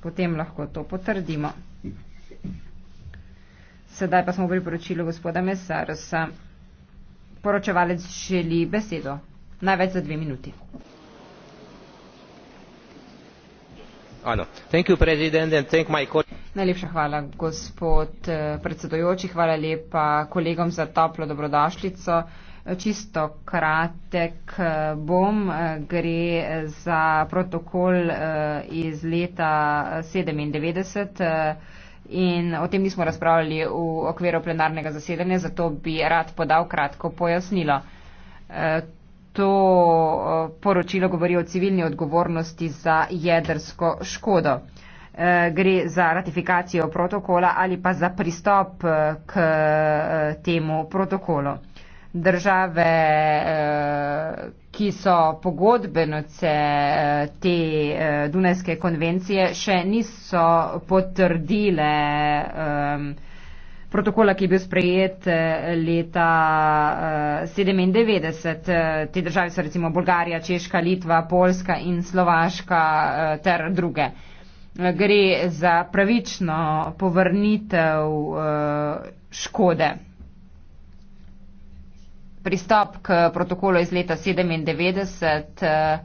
potem lahko to potrdimo. Sedaj pa smo v priporočilu gospoda Mesarosa. Poročevalec želi besedo. Največ za dve minuti. Ano. Thank you, President, and thank my colleagues. Najlepša hvala, gospod eh, predsedojoči. Hvala lepa kolegom za toplo dobrodošlico. Čisto kratek eh, bom. Eh, gre za protokol iz leta 97 in o tem nismo razpravljali v okviru plenarnega zasedanja, zato bi rad podal kratko pojasnilo. To poročilo govori o civilni odgovornosti za jedrsko škodo. Eh, gre za ratifikacijo protokola ali pa za pristop eh, k eh, temu protokolu. Države, ki so pogodbenice te Dunajske konvencije, še niso potrdile ehm, protokola, ki je bil sprejet leta 1997. Te države so recimo Bolgarija, Češka, Litva, Poljska in Slovaška ter druge gre za pravično povrnitev eh, škode. Pristop k protokolu iz leta 1997 eh,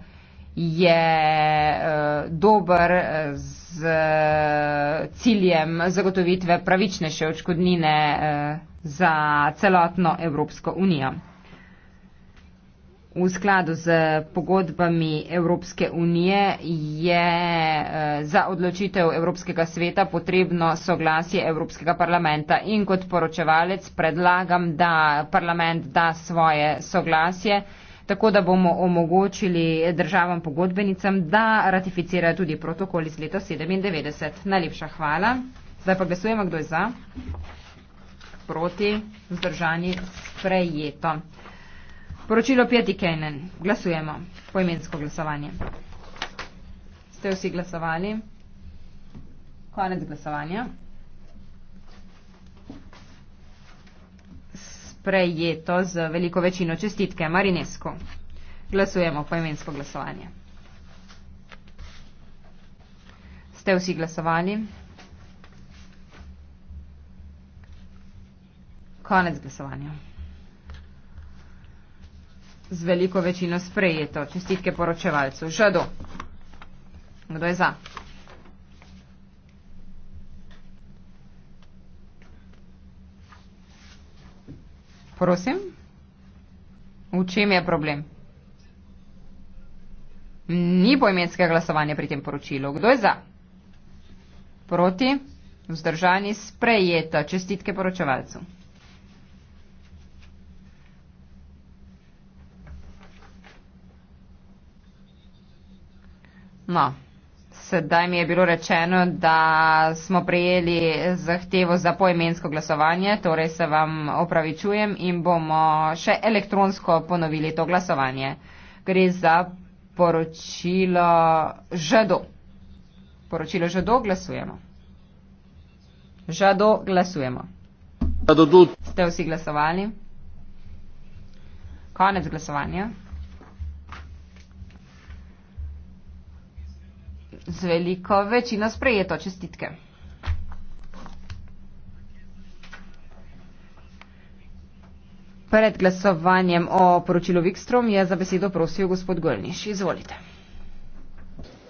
je eh, dober z ciljem zagotovitve pravičnejše očkodnine za celotno Evropsko unijo. V skladu z pogodbami Evropske unije je eh, za odločitev Evropskega sveta potrebno soglasje Evropskega parlamenta in kot poročevalec predlagam, da parlament da svoje soglasje, tako da bomo omogočili državam pogodbenicam, da ratificirajo tudi protokol iz leta 1997. Najlepša hvala. Zdaj pa glasujemo, kdo je za, proti, zdržani, sprejeto. Poročilo Pjeti Kejnen. Glasujemo. Poimensko glasovanje. Ste vsi glasovali? Konec glasovanja. Sprejeto z veliko večino čestitke. Marinesko. Glasujemo. Poimensko glasovanje. Ste vsi glasovali? Konec glasovanja z veliko večino sprejeto. Čestitke poročevalcu. Žado. Kdo je za? Prosim. V čem je problem? Ni poimenskega glasovanja pri tem poročilu. Kdo je za? Proti? Vzdržani sprejeta. Čestitke poročevalcu. No, sedaj mi je bilo rečeno, da smo prejeli zahtevo za poimensko glasovanje, torej se vam opravičujem in bomo še elektronsko ponovili to glasovanje. Gre za poročilo ŽDO. Poročilo ŽDO glasujemo. ŽDO glasujemo. Ste vsi glasovali? Konec glasovanja. z veliko večino sprejeto čestitke. Pred glasovanjem o poročilu Vikstrom je za besedo prosil gospod Golniš. Izvolite.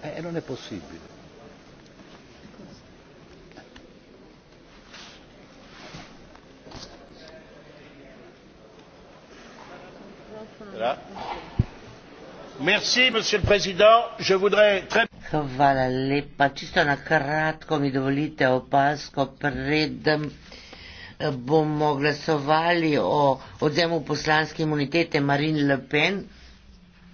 Eno eh, eh, ne posibi. Merci, monsieur le Président. Je voudrais très Hvala lepa. Čisto na kratko mi dovolite opasko, predem eh, bomo glasovali o odzemu poslanske imunitete Marine Le Pen.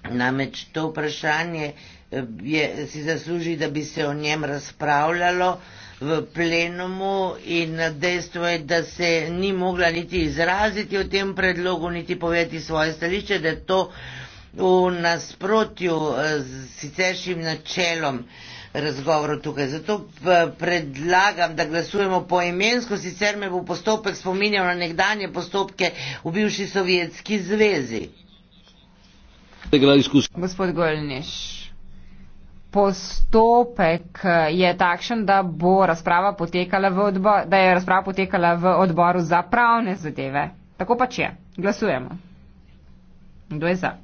Namreč to vprašanje eh, je, si zasluži, da bi se o njem razpravljalo v plenumu in eh, dejstvo je, da se ni mogla niti izraziti o tem predlogu, niti povedati svoje stališče, da je to v nasprotju eh, z siceršnjim načelom razgovoru tukaj. Zato eh, predlagam, da glasujemo po imensko, sicer me bo postopek spominjal na nekdanje postopke v bivši sovjetski zvezi. Gospod Golniš, postopek eh, je takšen, da, bo razprava potekala v odbo, da je razprava potekala v odboru za pravne zadeve. Tako pač je. Glasujemo. Kdo je za?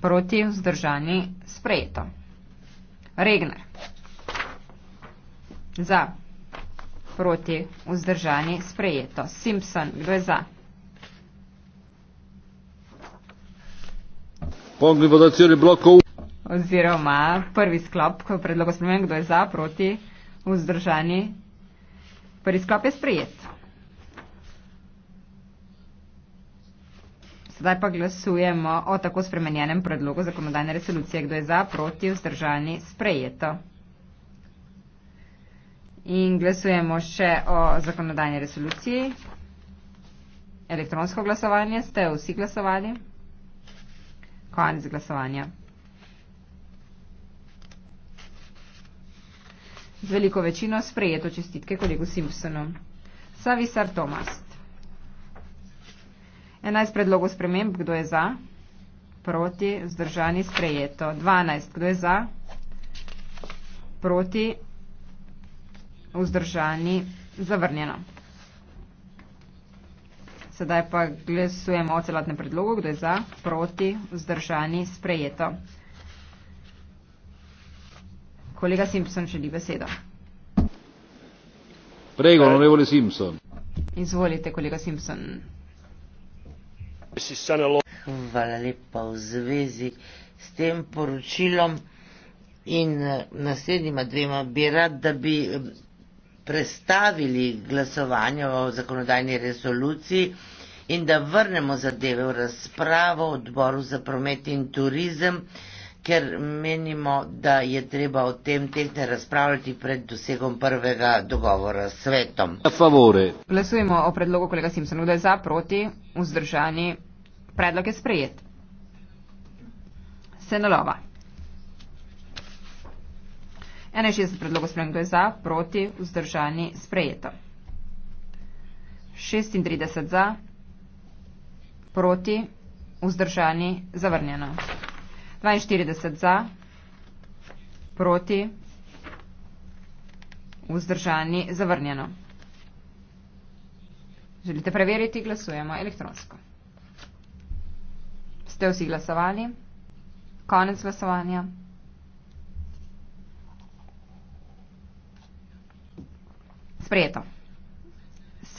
proti vzdržani sprejeto. Regner. Za. Proti vzdržani sprejeto. Simpson, kdo je za? Pogli bodo celi blokov. Oziroma prvi sklop, ko predlogo spremem, kdo je za, proti vzdržani. Prvi sklop je sprejet. Sedaj pa glasujemo o tako spremenjenem predlogu zakonodajne resolucije, kdo je za, proti, vzdržani, sprejeto. In glasujemo še o zakonodajni resoluciji. Elektronsko glasovanje, ste vsi glasovali? Konec glasovanja. Z veliko večino sprejeto čestitke kolegu Simpsonu. Savisar Tomas. 11 predlogov sprememb, kdo je za? Proti, zdržani, sprejeto. 12, kdo je za? Proti, vzdržani, zavrnjeno. Sedaj pa glasujemo o celotnem predlogu, kdo je za, proti, vzdržani, sprejeto. Kolega Simpson želi besedo. Prej, govorili Simpson. Izvolite, kolega Simpson. Hvala lepa v zvezi s tem poročilom in eh, naslednjima dvema bi rad, da bi eh, prestavili glasovanje o zakonodajni rezoluciji in da vrnemo zadeve v razpravo v odboru za promet in turizem, ker menimo, da je treba o tem tehne razpravljati pred dosegom prvega dogovora s svetom. Glasujemo o predlogu kolega Simpsonu, da je za, proti, vzdržani. Predlog je sprejet. Senelova. 61 predlogov sprejem gre za, proti, vzdržani, sprejeto. 36 za, proti, vzdržani, zavrnjeno. 42 za, proti, vzdržani, zavrnjeno. Želite preveriti? Glasujemo elektronsko. Ste vsi glasovali? Konec glasovanja. Sprejeto.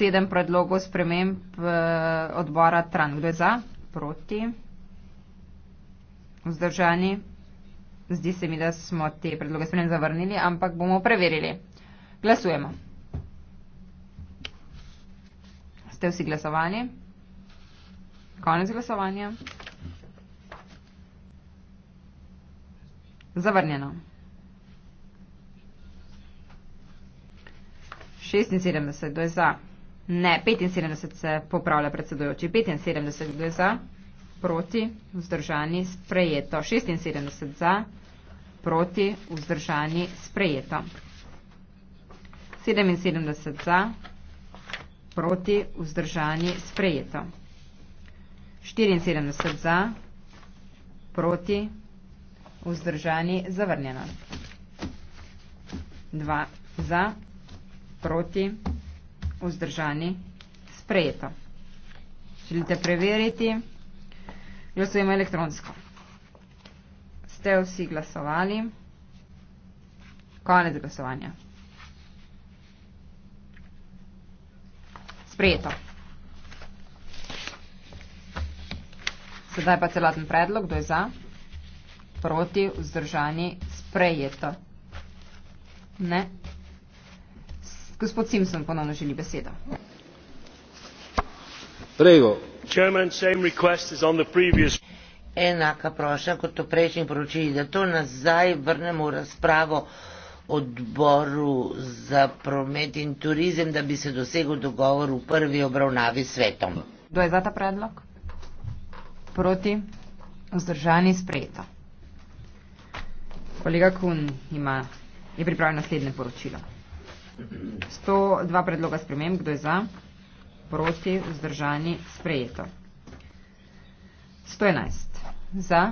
Sedem predlogov sprememb eh, odbora Tran. Kdo je za? Proti? Vzdržani? Zdi se mi, da smo te predloge sprememb zavrnili, ampak bomo preverili. Glasujemo. Ste vsi glasovali? Konec glasovanja. Zavrnjeno. 76, kdo je za? Ne, 75 se popravlja predsedujoči. 75, kdo je za? Proti, vzdržani, sprejeto. 76 za, proti, vzdržani, sprejeto. 77 za, proti, vzdržani, sprejeto. 74 za, proti, vzdržani, sprejeto. Vzdržani zavrnjeno. Dva za, proti, vzdržani sprejeto. Želite preveriti? Glasujemo elektronsko. Ste vsi glasovali? Konec glasovanja. Sprejeto. Sedaj pa celoten predlog, kdo je za? Sprejeto proti, vzdržani, sprejeto. Ne? Gospod Simpson ponovno želi besedo. Prego. Chairman, same request is on the previous... Enaka prošla kot v prejšnjih poročilih, da to nazaj vrnemo v razpravo odboru za promet in turizem, da bi se dosegel dogovor v prvi obravnavi svetom. Kdo je za ta predlog? Proti? Vzdržani sprejeto. Kolega Kun ima, je pripravljen naslednje poročilo. 102 predloga sprememb, kdo je za, proti, vzdržani, sprejeto. 111. Za,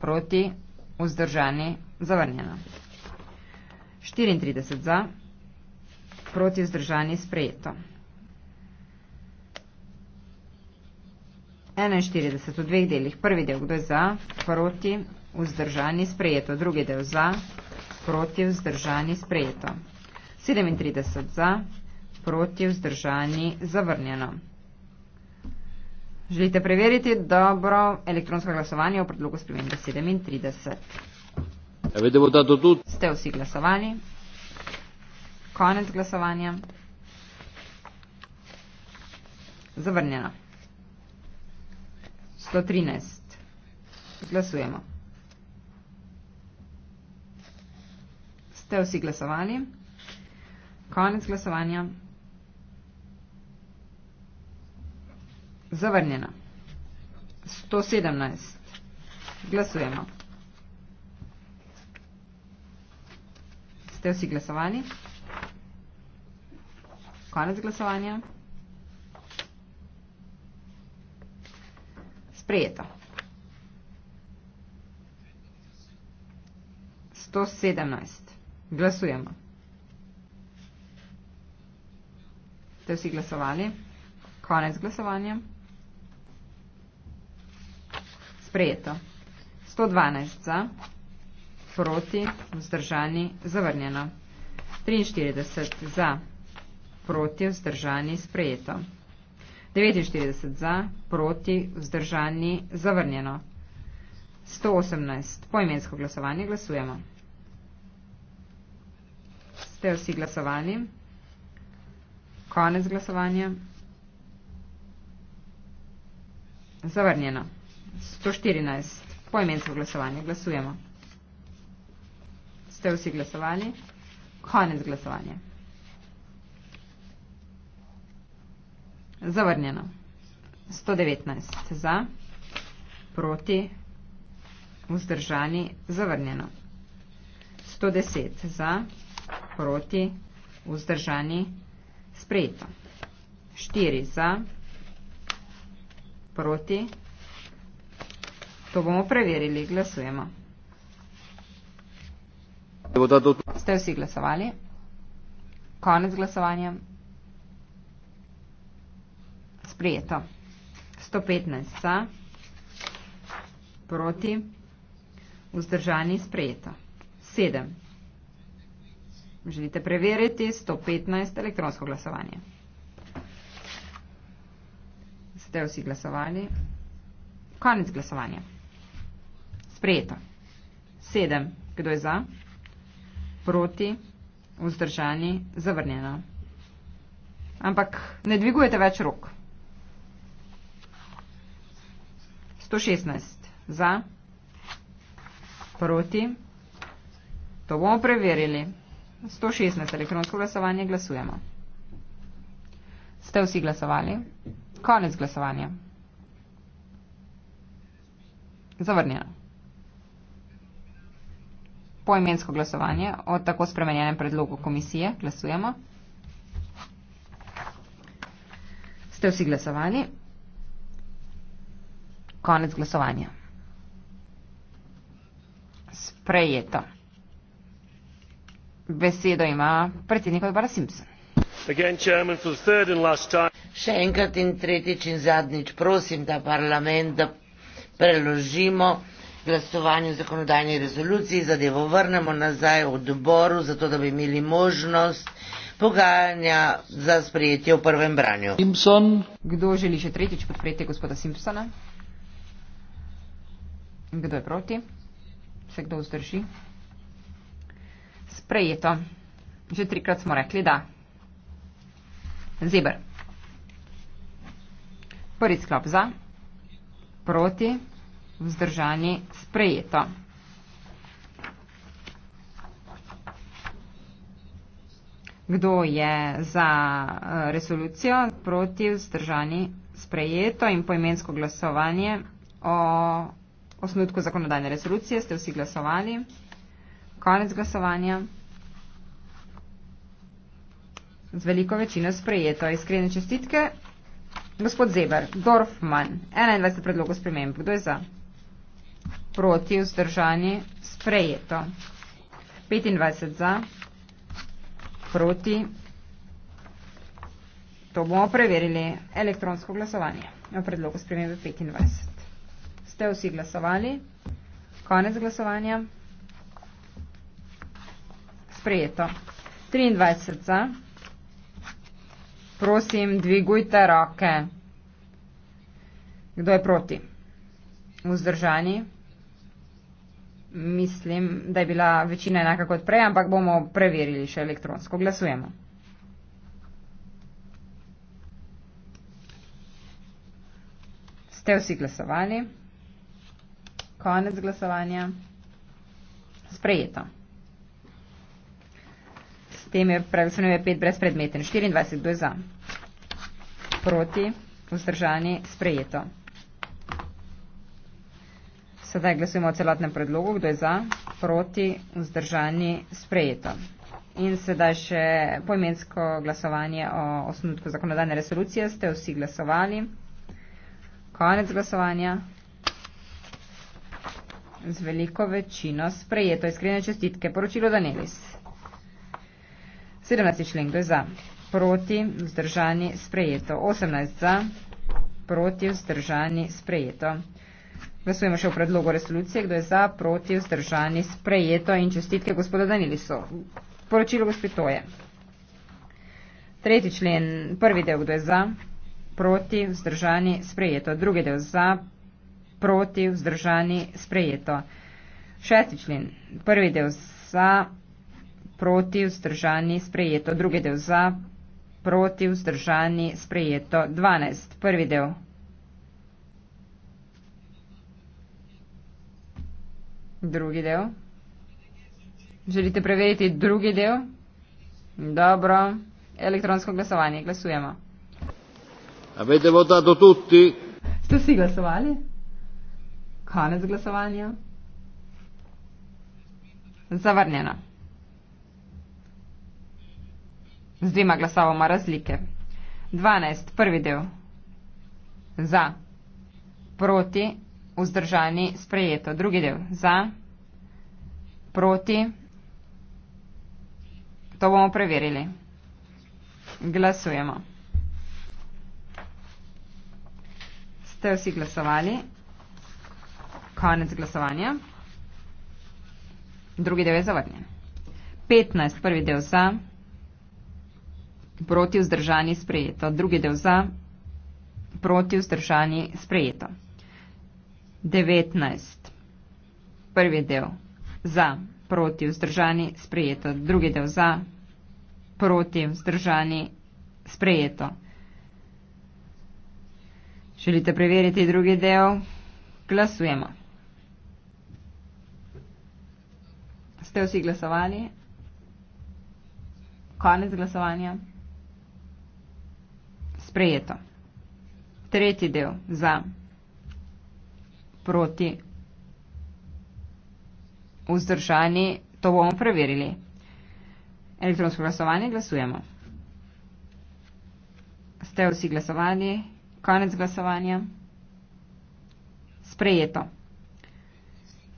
proti, vzdržani, zavrnjeno. 34. Za, proti, vzdržani, sprejeto. 41. V dveh delih. Prvi del, kdo je za, proti, vzdržani, sprejeto vzdržani sprejeto, drugi del za, proti vzdržani sprejeto, 37 za, proti vzdržani zavrnjeno. Želite preveriti dobro elektronsko glasovanje o predlogu spremembe 37. Ja, vidimo, da do tudi. Ste vsi glasovali? Konec glasovanja. Zavrnjeno. 113. Glasujemo. ste vsi glasovali. Konec glasovanja. Zavrnjeno. 117. Glasujemo. Ste vsi glasovali? Konec glasovanja. Sprejeto. 117. Glasujemo. Ste vsi glasovali? Konec glasovanja. Sprejeto. 112 za, proti, vzdržani, zavrnjeno. 43 za, proti, vzdržani, sprejeto. 49 za, proti, vzdržani, zavrnjeno. 118. Poimensko glasovanje glasujemo. Ste vsi glasovali? Konec glasovanja. Zavrnjeno. 114. Poimensko glasovanje. Glasujemo. Ste vsi glasovali? Konec glasovanja. Zavrnjeno. 119. Za. Proti. Vzdržani. Zavrnjeno. 110. Za proti, vzdržani, sprejeto. 4 za, proti, to bomo preverili, glasujemo. Ste vsi glasovali? Konec glasovanja. Sprejeto. 115 za, proti, vzdržani, sprejeto. 7. Želite preveriti 115 elektronsko glasovanje. Ste vsi glasovali? Konec glasovanja. Sprejeto. Sedem. Kdo je za? Proti. Vzdržani. Zavrnjeno. Ampak ne dvigujete več rok. 116. Za. Proti. To bomo preverili. 116. Elektronsko glasovanje. Glasujemo. Ste vsi glasovali? Konec glasovanja. Zavrnjeno. Poimensko glasovanje o tako spremenjenem predlogu komisije. Glasujemo. Ste vsi glasovali? Konec glasovanja. Sprejeto besedo ima predsednik odbora Simpson. Še enkrat in tretjič in zadnjič prosim, da parlament da preložimo glasovanje v zakonodajni rezoluciji, zadevo vrnemo nazaj v odboru, zato da bi imeli možnost pogajanja za sprejetje v prvem branju. Simpson. Kdo želi še tretjič podpreti gospoda Simpsona? Kdo je proti? Se kdo vzdrži? Sprejeto. Že trikrat smo rekli da. Zebr. Prvi sklop za. Proti. Vzdržani. Sprejeto. Kdo je za eh, resolucijo? Proti. Vzdržani. Sprejeto. In poimensko glasovanje o osnutku zakonodajne resolucije ste vsi glasovali konec glasovanja. Z veliko večino sprejeto. Iskrene čestitke. Gospod Zeber, Dorfman, 21 predlogov sprememb. Kdo je za? Proti vzdržani sprejeto. 25 za. Proti. To bomo preverili. Elektronsko glasovanje. V predlogu spremembe 25. Ste vsi glasovali? Konec glasovanja sprejeto. 23 za. Prosim, dvigujte roke. Kdo je proti? Vzdržani. Mislim, da je bila večina enaka kot prej, ampak bomo preverili še elektronsko. Glasujemo. Ste vsi glasovali? Konec glasovanja. Sprejeto potem je pravzaprav 5 brezpredmeten, 24 bo za, proti, vzdržani, sprejeto. Sedaj glasujemo o celotnem predlogu, kdo je za, proti, vzdržani, sprejeto. In sedaj še poimensko glasovanje o osnutku zakonodajne resolucije. Ste vsi glasovali. Konec glasovanja. Z veliko večino sprejeto. Iskrene čestitke. Poročilo Danelis. 17. člen, kdo je za? Proti, vzdržani, sprejeto. 18. za, proti, vzdržani, sprejeto. Glasujemo še v predlogu resolucije, kdo je za, proti, vzdržani, sprejeto in čestitke gospoda Danili so. Poročilo gospod to je. Tretji člen, prvi del, kdo je za, proti, vzdržani, sprejeto. Drugi del za, proti, vzdržani, sprejeto. Šesti člen, prvi del za, proti vzdržani sprejeto, drugi del za, proti vzdržani sprejeto, dvanajst, prvi del. Drugi del. Želite preveriti drugi del? Dobro. Elektronsko glasovanje. Glasujemo. Avete votato tutti? Ste vsi glasovali? Konec glasovanja. Zavrnjeno. Z dvema glasovoma razlike. 12. Prvi del. Za. Proti. Vzdržani. Sprejeto. Drugi del. Za. Proti. To bomo preverili. Glasujemo. Ste vsi glasovali? Konec glasovanja. Drugi del je zavrnjen. 15. Prvi del za proti vzdržani sprejeto. Drugi del za, proti vzdržani sprejeto. 19. Prvi del za, proti vzdržani sprejeto. Drugi del za, proti vzdržani sprejeto. Želite preveriti drugi del? Glasujemo. Ste vsi glasovali? Konec glasovanja sprejeto. Tretji del za proti vzdržani, to bomo preverili. Elektronsko glasovanje glasujemo. Ste vsi glasovali? Konec glasovanja? Sprejeto.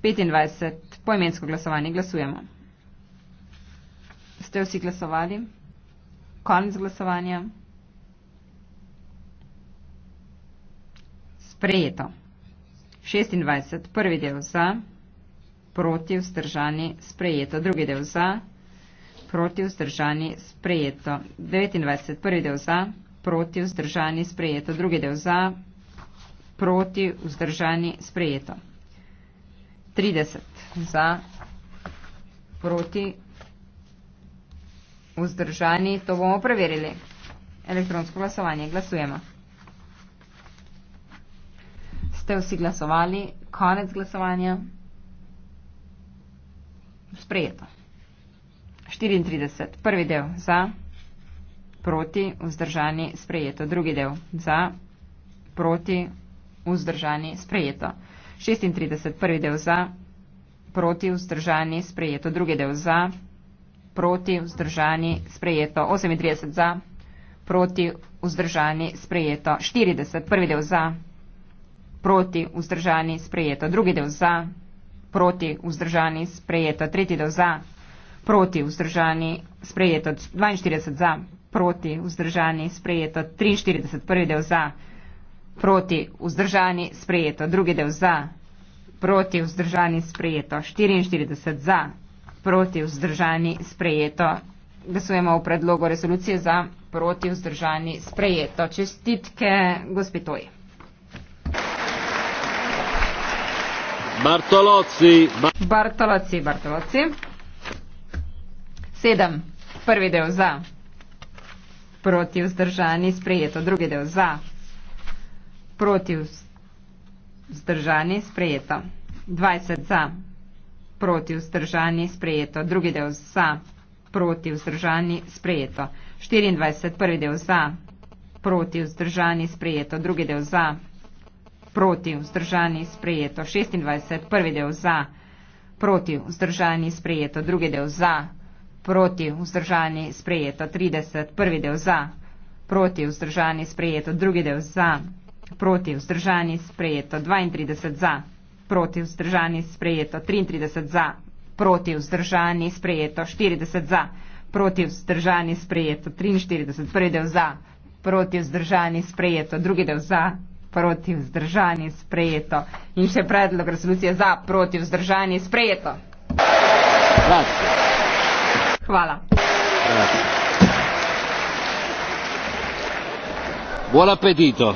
25. Poimensko glasovanje glasujemo. Ste vsi glasovali? Konec glasovanja? sprejeto. 26. Prvi del za, proti vzdržani, sprejeto. Drugi del za, proti vzdržani, sprejeto. 29. Prvi del za, proti vzdržani, sprejeto. Drugi del za, proti vzdržani, sprejeto. 30. Za, proti vzdržani, to bomo preverili. Elektronsko glasovanje. Glasujemo ste vsi glasovali, konec glasovanja. Sprejeto. 34. Prvi del za, proti, vzdržani, sprejeto. Drugi del za, proti, vzdržani, sprejeto. 36. Prvi del za, proti, vzdržani, sprejeto. Drugi del za, proti, vzdržani, sprejeto. 38. za, proti, vzdržani, sprejeto. 40. Prvi del za, proti vzdržani sprejeta, drugi del za, proti vzdržani sprejeta, tretji del za, proti vzdržani sprejeta, 42 za, proti vzdržani sprejeta, 43 prvi del za, proti vzdržani sprejeta, drugi del za, proti vzdržani sprejeta, 44 za, proti vzdržani sprejeta. Glasujemo v predlogu resolucije za proti vzdržani sprejeto. Čestitke, gospod Toj. Bartolozzi. Bartolozzi, Bartolozzi. Sedem. Prvi del za. Proti vzdržani sprejeto. Drugi del za. Proti vzdržani sprejeto. 20 za. Proti vzdržani sprejeto. Drugi del za. Proti vzdržani sprejeto. 24. Prvi del za. Proti vzdržani sprejeto. Drugi del za proti, vzdržani, sprejeto. 26, prvi del za, proti, vzdržani, sprejeto. Drugi del za, proti, vzdržani, sprejeto. 30, prvi del za, proti, vzdržani, sprejeto. Drugi del za, proti, vzdržani, sprejeto. 32 za, proti, vzdržani, sprejeto. 33 za, proti, vzdržani, sprejeto. 40 za, proti, vzdržani, sprejeto. 43, prvi del za, proti, vzdržani, sprejeto. Drugi del za, proti vzdržani sprejeto. In še predlog resolucije za proti vzdržani sprejeto. Hvala. Hvala. Buon appetito.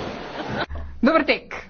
Dobro tek.